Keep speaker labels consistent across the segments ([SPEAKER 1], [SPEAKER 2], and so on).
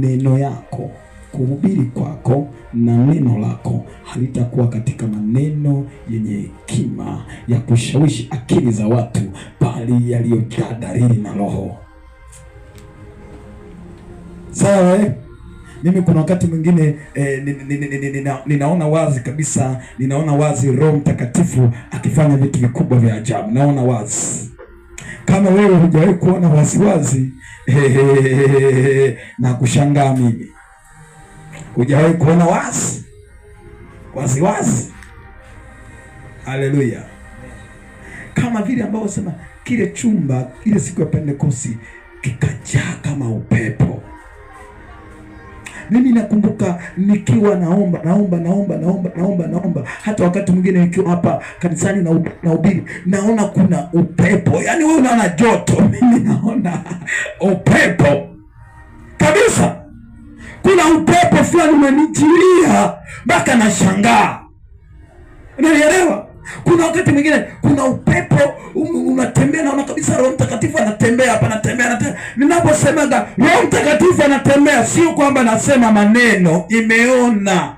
[SPEAKER 1] neno yako kuhubiri kwako na neno lako halitakuwa katika maneno yenye hekima ya kushawishi akili za watu, bali yaliyojaa dalili na Roho. Sawa eh? Mimi kuna wakati mwingine eh, nina, nina, ninaona wazi kabisa, ninaona wazi Roho Mtakatifu akifanya vitu vikubwa vya ajabu, naona wazi. Kama wewe hujawahi kuona waziwazi wazi, na kushangaa mimi. Hujawahi kuona wazi wazi wazi? Haleluya! Kama vile ambao sema kile chumba ile siku ya Pentekosti kikajaa kama upepo mimi nakumbuka nikiwa naomba naomba naomba naomba naomba naomba, hata wakati mwingine nikiwa hapa kanisani na ubiri naona kuna upepo. Yaani wewe unaona joto, mimi naona upepo kabisa. Kuna upepo fulani umenijilia mpaka nashangaa, unanielewa? Kuna wakati mwingine kuna upepo um, unatembea, naona kabisa Roho Mtakatifu anatembea hapa, anatembea anatembea. Ninaposemaga Roho Mtakatifu anatembea, sio kwamba nasema maneno, imeona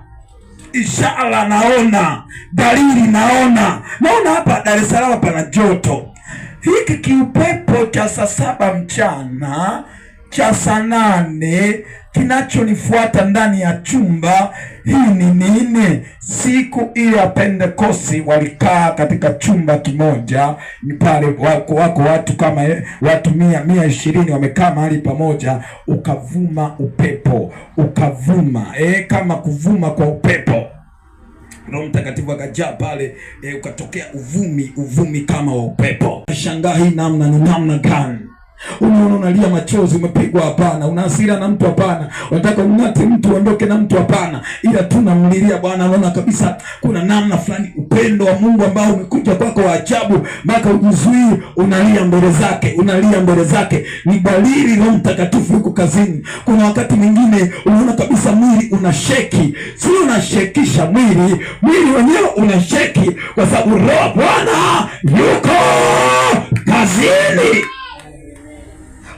[SPEAKER 1] ishara, naona dalili, naona naona hapa Dar es Salaam pana joto hiki kiupepo cha saa saba mchana cha saa nane kinachonifuata ndani ya chumba hii ni nini? Siku ile ya Pentekosti walikaa katika chumba kimoja, ni pale wako, wako watu kama watu mia mia ishirini wamekaa mahali pamoja, ukavuma upepo ukavuma, e, kama kuvuma kwa upepo Roho Mtakatifu akajaa pale e, ukatokea uvumi uvumi kama wa upepo. Shangaa hii namna ni namna gani? Unaona, unalia machozi, umepigwa? Hapana. Una hasira na mtu? Hapana. Unataka ung'ate mtu, uondoke na mtu? Hapana. Ila tu namlilia Bwana, unaona kabisa kuna namna fulani upendo wa Mungu ambao umekuja kwako wa ajabu, mpaka ujizuii, unalia mbele zake, unalia mbele zake. Ni dalili Roho Mtakatifu yuko kazini. Kuna wakati mwingine unaona kabisa mwili unasheki, si unashekisha mwili, mwili wenyewe unasheki, kwa sababu Roho Bwana yuko kazini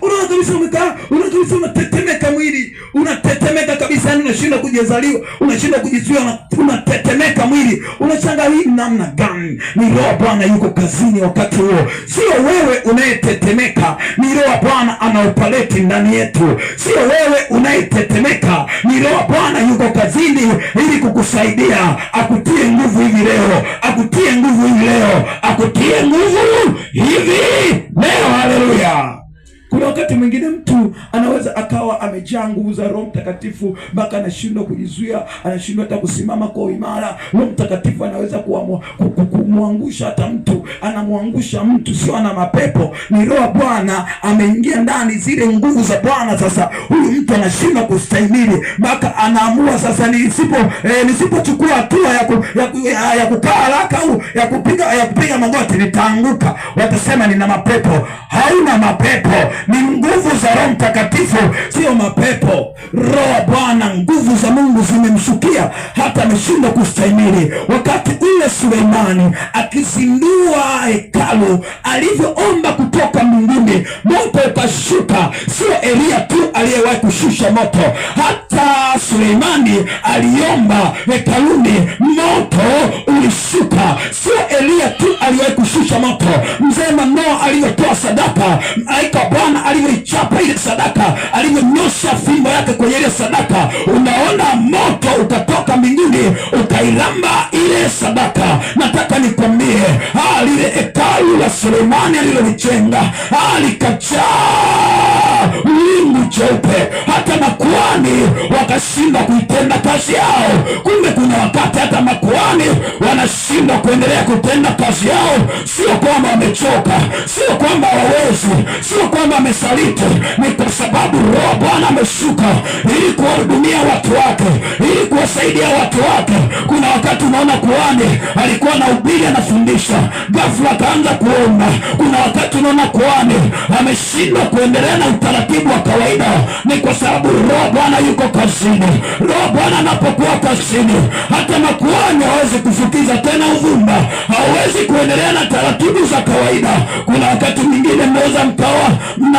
[SPEAKER 1] unaona kabisa umekaa, unaona kabisa unatetemeka, mwili unatetemeka kabisa, yani unashinda kujizaliwa, unashinda kujizuia, unatetemeka mwili, unachanga hii namna gani? Ni roho Bwana yuko kazini wakati huo, sio wewe unayetetemeka, ni roho Bwana anaopaleti ndani yetu, sio wewe unayetetemeka, ni roho Bwana yuko kazini ili kukusaidia, akutie nguvu hivi leo, akutie nguvu hivi leo, akutie nguvu hivi leo. Haleluya! Kuna wakati mwingine mtu anaweza akawa amejaa nguvu za Roho Mtakatifu mpaka anashindwa kujizuia, anashindwa hata kusimama kwa imara. Roho Mtakatifu anaweza kumwangusha hata mtu, anamwangusha mtu, sio ana mapepo, ni Roho Bwana ameingia ndani, zile nguvu za Bwana. Sasa huyu mtu anashindwa kustahimili mpaka anaamua sasa, nisipo eh, nisipochukua hatua ya, ku, ya, ku, ya, ya kukaa haraka au ya kupiga ya kupiga magoti nitaanguka, watasema nina mapepo. Hauna mapepo ni nguvu za Roho Mtakatifu, sio mapepo. Roho Bwana, nguvu za Mungu zimemshukia hata ameshindwa kustahimili. Wakati ule Suleimani akizindua hekalu alivyoomba kutoka mbinguni, moto ukashuka. Sio Eliya tu aliyewahi kushusha moto, hata Suleimani aliomba hekaluni moto moto mzee Manoa alivyotoa sadaka, aika Bwana alivyoichapa ile sadaka, alivyonyosha fimbo yake kwenye ile sadaka, unaona moto ukatoka mbinguni ukailamba ile sadaka. Nataka nikwambie, lile hekalu la Sulemani alilolijenga likajaa wingu cheupe, hata makuani wakashindwa kuitenda kazi yao. Kumbe kuna wakati hata makuani wa wanashindwa kuendelea kutenda kazi yao, sio kwamba wamechoka, sio kwamba wawezi sio kwamba wamesaliti, ni kwa sababu Roho Bwana ameshuka ili kuwahudumia watu wake, ili kuwasaidia watu wake. Kuna wakati unaona kuani alikuwa na ubili anafundisha, gafula akaanza kuomba. Kuna wakati unaona kuani ameshindwa kuendelea na utaratibu wa kawaida, ni kwa sababu Roho Bwana yuko kazini. Roho Bwana anapokuwa kazini, hata makuani hawezi kufukiza kuongeza tena uvumba. Hauwezi kuendelea na taratibu za kawaida. Kuna wakati mwingine mnaweza mkawa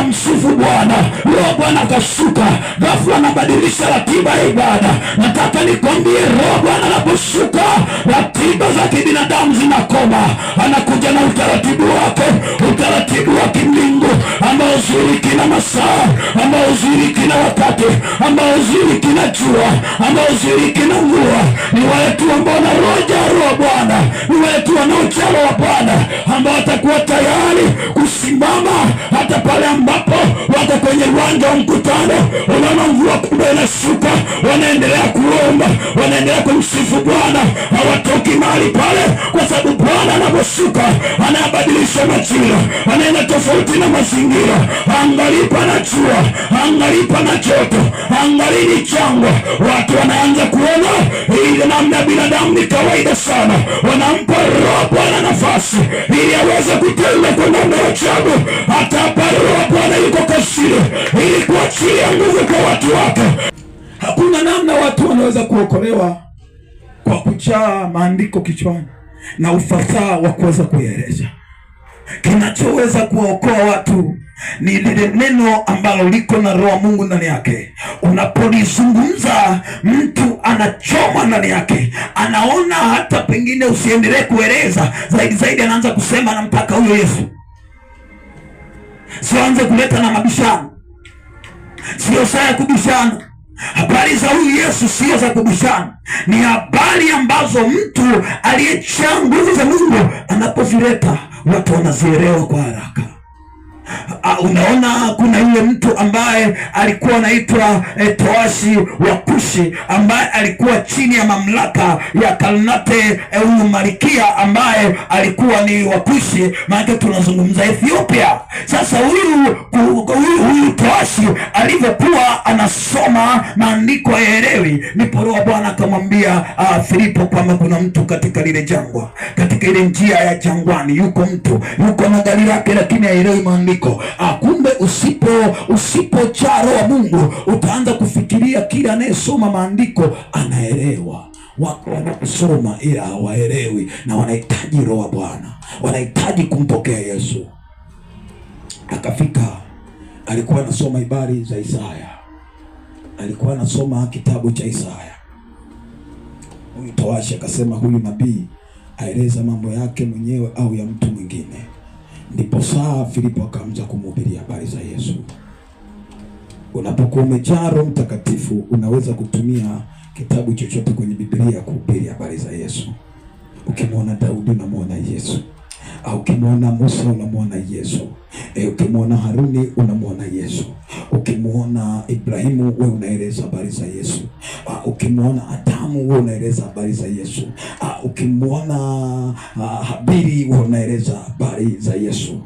[SPEAKER 1] msufu Bwana, roho Bwana akashuka ghafla, anabadilisha ratiba ya ibada. Nataka nikwambie, roho Bwana anaposhuka ratiba za kibinadamu zinakoma, anakuja na utaratibu wake, utaratibu wa kimbingu ambao ushiriki na masaa, ambao ushiriki na wakati, ambao ushiriki na jua, ambao ushiriki na mvua. Ni wetu ambao na roja wa Bwana, ni wetu tu wa Bwana, ambao watakuwa tayari kusimama hata pale ambapo wako kwenye uwanja wa mkutano, unaona mvua kubwa inashuka wanaendelea kuomba, wanaendelea kumsifu Bwana, hawatoki mahali pale, kwa sababu Bwana anaposhuka anabadilisha majira, anaenda tofauti na mazingira. Angalii pana jua, angalii pana joto, angalii ni watu wanaanza kuona ile namna binadamu ni kawaida sana. Wanampa Roho Bwana nafasi ili aweze kutenda kwa namna ya ajabu. hatapa Roho Bwana yuko kasiri ili kuachilia nguvu kwa watu wake watu wanaweza kuokolewa kwa kuchaa maandiko kichwani na ufasaha wa kuweza kuyaeleza. Kinachoweza kuwaokoa watu ni lile neno ambalo liko na roho Mungu ndani yake. Unapolizungumza mtu anachoma ndani yake, anaona hata pengine usiendelee kueleza zaidi zaidi, anaanza kusema na mpaka huyo Yesu. Sianze kuleta na mabishano, sio saa ya kubishana Habari za huyu Yesu sio za kubishana ni habari ambazo mtu aliyejaa nguvu za Mungu anapozileta watu wanazielewa kwa haraka. Uh, unaona kuna yule mtu ambaye alikuwa anaitwa eh, Toashi wa Kushi ambaye alikuwa chini ya mamlaka ya Karnate eh, huyu eh, malikia ambaye alikuwa ni Wakushi, maanake tunazungumza Ethiopia. Sasa huyu huyu Toashi alivyokuwa anasoma maandiko yaelewi, ndipo roho Bwana akamwambia uh, Filipo kwamba kuna mtu katika lile jangwa, katika ile njia ya jangwani, yuko mtu yuko na gari lake, lakini haelewi maandiko mabadiliko. Ah, kumbe usipo usipojaa Roho wa Mungu utaanza kufikiria kila anayesoma maandiko anaelewa. Wako wanakusoma ila hawaelewi, na wanahitaji Roho wa Bwana, wanahitaji kumpokea Yesu. Akafika, alikuwa anasoma ibari za Isaya, alikuwa anasoma kitabu cha Isaya. Huyu towashi akasema, huyu nabii aeleza mambo yake mwenyewe au ya mtu mwingine? Ndipo saa Filipo akaanza kumhubiria habari za Yesu. Unapokuwa umejaa Roho Mtakatifu, unaweza kutumia kitabu chochote kwenye Biblia kuhubiri habari za Yesu. Ukimwona Daudi unamwona Yesu, au ukimwona Musa unamwona Yesu, e, ukimwona Haruni unamwona Yesu, ukimwona Ibrahimu we unaeleza habari za Yesu uh, ukimwona Adamu huo unaeleza habari za Yesu. Uh, ukimwona uh, ah, Habiri huo unaeleza habari za Yesu.